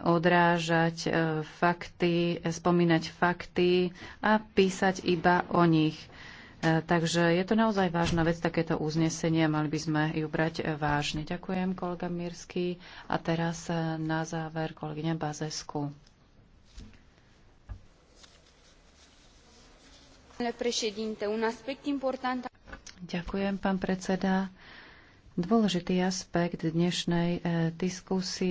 odrážať e, fakty, spomínať fakty a písať iba o nich. E, takže je to naozaj vážna vec, takéto uznesenie, mali by sme ju brať e, vážne. Ďakujem, kolega Mirsky. A teraz na záver kolegyňa Bazesku. Ďakujem, pán predseda. Dôležitý aspekt dnešnej diskusie